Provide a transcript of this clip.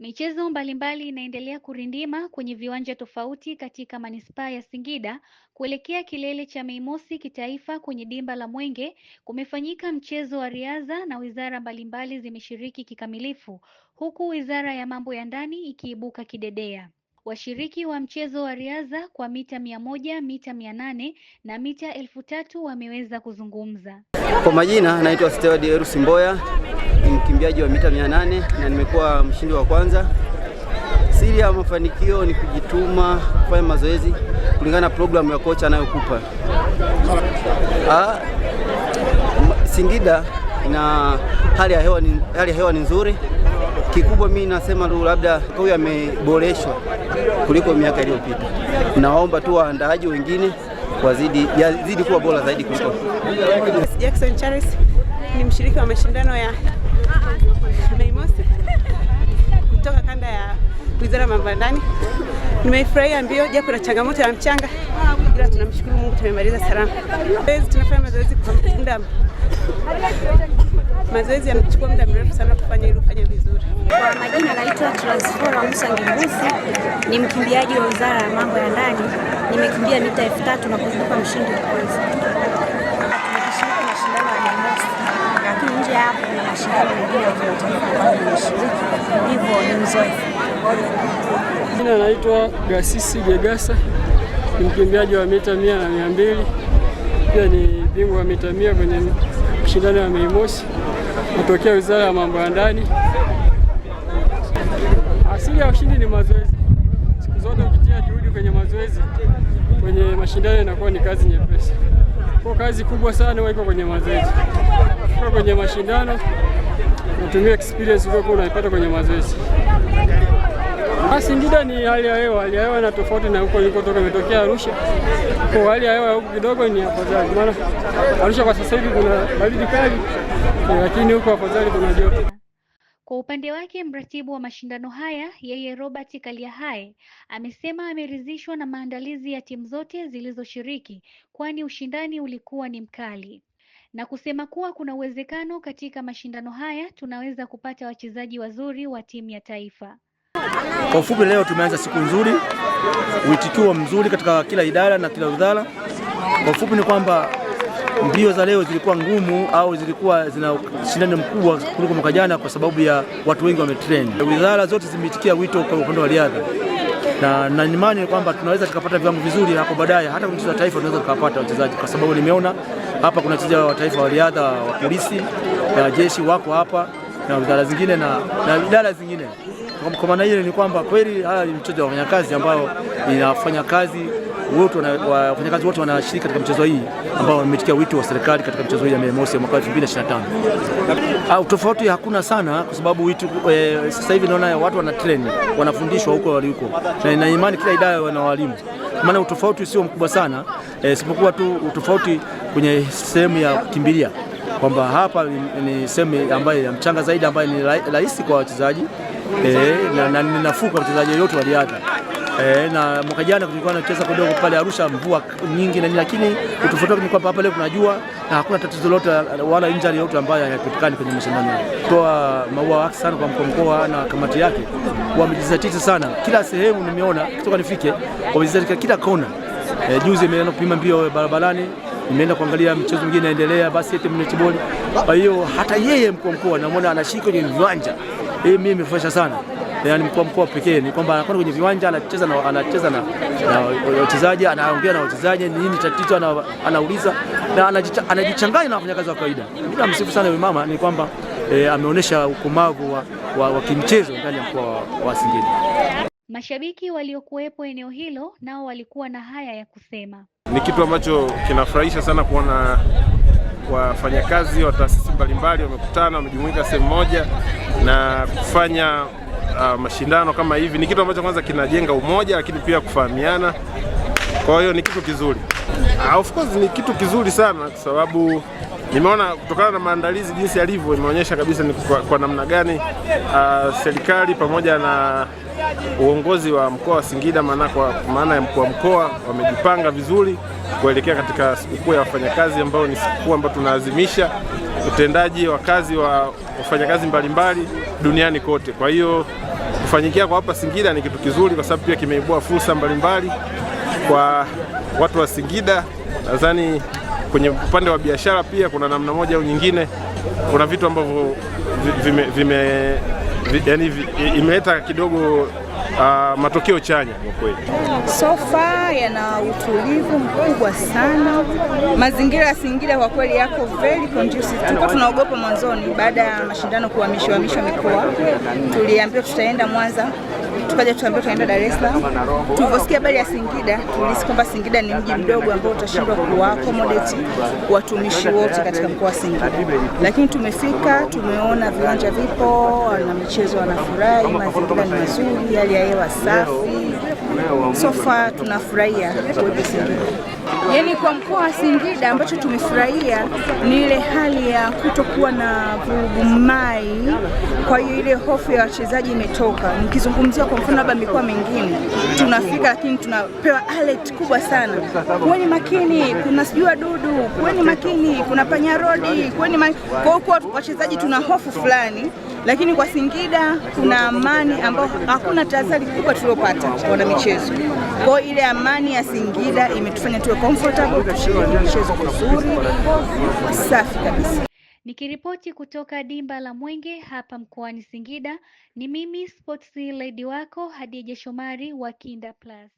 Michezo mbalimbali inaendelea kurindima kwenye viwanja tofauti katika manispaa ya Singida. Kuelekea kilele cha Mei Mosi kitaifa kwenye dimba la Mwenge kumefanyika mchezo wa riadha na wizara mbalimbali zimeshiriki kikamilifu huku Wizara ya Mambo ya Ndani ikiibuka kidedea. Washiriki wa mchezo wa riadha kwa mita mia moja, mita mia nane na mita elfu tatu wameweza kuzungumza. Kwa majina naitwa Steward Erusi Mboya ni mkimbiaji wa mita 800 na nimekuwa mshindi wa kwanza. Siri ya mafanikio ni kujituma, kufanya mazoezi kulingana na programu ya kocha anayokupa. Ah, Singida na hali ya hewa ni, hali ya hewa ni nzuri. Kikubwa mimi nasema tu labda huyu ameboreshwa kuliko miaka iliyopita. Nawaomba tu waandaaji wengine wazidi yazidi kuwa bora zaidi kuliko Jackson Charles ni mshiriki wa mashindano ya Meimosi kutoka kanda ya wizara mambo ya ndani. Nimeifurahia mbio japo na changamoto ya mchanga, ila tunamshukuru Mungu tumemaliza salama. Tunafanya mazoezi kwa muda, mazoezi yanachukua muda mrefu sana kufanya ili ufanye vizuri. Kwa majina naitwa Transfora Musa Ngingusi, ni mkimbiaji wa wizara ya mambo ya ndani. Nimekimbia mita elfu tatu na kuibuka mshindi wa kwanza. Tumeshiriki mashindano ya lakini nje hapo mashindano mengine ya kimataifa ambayo nimeshiriki, hivyo ni mzoefu. Jina naitwa Gasisi Gegasa, ni mkimbiaji wa mita mia na mia mbili, pia ni bingwa wa mita mia kwenye mashindano ya Mei Mosi, natokea wizara ya mambo ya ndani. Asili ya ushindi ni mazoezi. Siku zote ukitia juhudi kwenye mazoezi, kwenye mashindano inakuwa ni kazi nyepesi. Kwa kazi kubwa sana waiko kwenye mazoezi, kwa kwenye mashindano natumia experience uliokuwa unaipata kwenye mazoezi. Ah, Singida ni hali ya hewa, hali ya hewa na tofauti na huko nilikotoka, imetokea Arusha. Kwa hali ya hewa huko kidogo ni afadhali, maana Arusha kwa sasa hivi kuna baridi kali, lakini huko afadhali kuna joto. Kwa upande wake mratibu wa mashindano haya yeye Robert Kaliahae amesema ameridhishwa na maandalizi ya timu zote zilizoshiriki kwani ushindani ulikuwa ni mkali na kusema kuwa kuna uwezekano katika mashindano haya tunaweza kupata wachezaji wazuri wa timu ya taifa. Kwa ufupi, leo tumeanza siku nzuri, uitikio mzuri katika kila idara na kila udhara. Kwa ufupi ni kwamba mbio za leo zilikuwa ngumu au zilikuwa zina shindano mkubwa kuliko mwaka jana, kwa sababu ya watu wengi wametrain. Wizara zote zimeitikia wito kwa upande wa riadha na na imani kwamba tunaweza tukapata viwango vizuri hapo baadaye, hata kwenye mchezo wa taifa tunaweza tukapata wachezaji, kwa sababu nimeona hapa kuna wachezaji wa taifa wa riadha, wa polisi na jeshi wako hapa na wizara zingine na na idara zingine. Kwa maana hiyo ni kwamba kweli haya ni mchezo wa wafanyakazi ambao inafanya kazi wote wafanyakazi wote wanashiriki katika mchezo hii ambao wametikia wito wa serikali katika mchezo hii ya Mei Mosi ya mwaka 2025. Tofauti hakuna sana kwa sababu e, sasa hivi naona watu wana train wanafundishwa huko waliko, na ina imani kila idara wana walimu, maana utofauti sio mkubwa sana e, eh, sipokuwa tu utofauti kwenye sehemu ya kukimbilia kwamba hapa ni sehemu ambayo ya mchanga zaidi ambayo ni rahisi kwa wachezaji e, na, ni nafuu kwa wachezaji yoyote wa riadha e, na mwaka jana tulikuwa tunacheza kidogo pale Arusha, mvua nyingi na nini, lakini utofauti ni kwamba hapa leo tunajua na hakuna tatizo lolote wala injury yoyote ambayo hayapatikani kwenye mashindano. Toa maua sana kwa mkoa mkoa na kamati yake, wamejizatiti sana kila sehemu. Nimeona kutoka nifike, wamejizatiti kila kona. E, eh, juzi imeenda kupima mbio barabarani imeenda kuangalia mchezo mwingine inaendelea, basi eti netball. Kwa hiyo hata yeye mkuu mkoa namwona anashika kwenye viwanja. Hii eh, mimi nimefurahi sana yani yaani mkuu mkoa pekee ni kwamba anakwenda kwenye viwanja anacheza na anacheza na wachezaji, anaongea na wachezaji, nini tatizo anauliza, na anajichanganya na wafanyakazi wa kawaida. Mimi namsifu sana yule mama, ni kwamba eh, ameonyesha ukomavu wa, wa, wa kimchezo ndani ya mkoa wa Singida. Mashabiki waliokuwepo eneo hilo nao walikuwa na haya ya kusema. Ni kitu ambacho kinafurahisha sana kuona wafanyakazi wa taasisi mbalimbali wamekutana, wamejumuika sehemu moja na kufanya uh, mashindano kama hivi ni kitu ambacho kwanza kinajenga umoja, lakini pia kufahamiana. Kwa hiyo ni kitu kizuri. Uh, of course ni kitu kizuri sana kwa sababu nimeona kutokana na maandalizi jinsi yalivyo, imeonyesha kabisa ni kwa, kwa namna gani uh, serikali pamoja na uongozi wa mkoa wa Singida maana kwa maana ya mkuu wa mkoa wamejipanga vizuri kuelekea katika sikukuu ya wafanyakazi ambayo ni sikukuu ambayo tunaadhimisha utendaji wa kazi wa wafanyakazi mbalimbali duniani kote. Kwa hiyo Kufanyikia kwa hapa Singida ni kitu kizuri, kwa sababu pia kimeibua fursa mbalimbali kwa watu wa Singida. Nadhani kwenye upande wa biashara pia kuna namna moja au nyingine, kuna vitu ambavyo vime, vime, vime, yani, imeleta kidogo uh, matokeo chanya kwa kweli. far yana utulivu mkubwa sana, mazingira ya Singida kwa kweli yako very conducive. Tulikuwa tunaogopa mwanzoni, baada ya mashindano kuhamishwa hamishwa mikoa, tuliambiwa tutaenda Mwanza tukaja tukaambiwa tunaenda Dar es Salaam. Tuliposikia habari ya Singida, tulihisi kwamba Singida ni mji mdogo ambao utashindwa kuwa accommodate watumishi wote katika mkoa wa Singida, lakini tumefika, tumeona viwanja vipo na michezo, wanafurahi, mazingira ni mazuri, hali ya hewa safi. So far tunafurahia kuwepo Singida. Yaani kwa mkoa wa Singida ambacho tumefurahia ni ile hali ya kutokuwa na vurugumai, kwa hiyo ile hofu ya wachezaji imetoka. Nikizungumzia kwa mfano labda mikoa mingine tunafika, lakini tunapewa alert kubwa sana, kuweni makini, kuna sijui wadudu, kuweni makini, kuna panyarodi, kuweni Kwa hiyo wachezaji tuna hofu fulani, lakini kwa Singida kuna amani ambayo hakuna tahadhari kubwa tuliopata wana michezo. Kwa ile amani ya Singida imetufanya tuwe comfortable, tushiriki michezo vizuri, safi kabisa. Nikiripoti kutoka dimba la Mwenge hapa mkoani Singida, ni mimi sports lady wako Hadija Shomari wa Kinda Plus.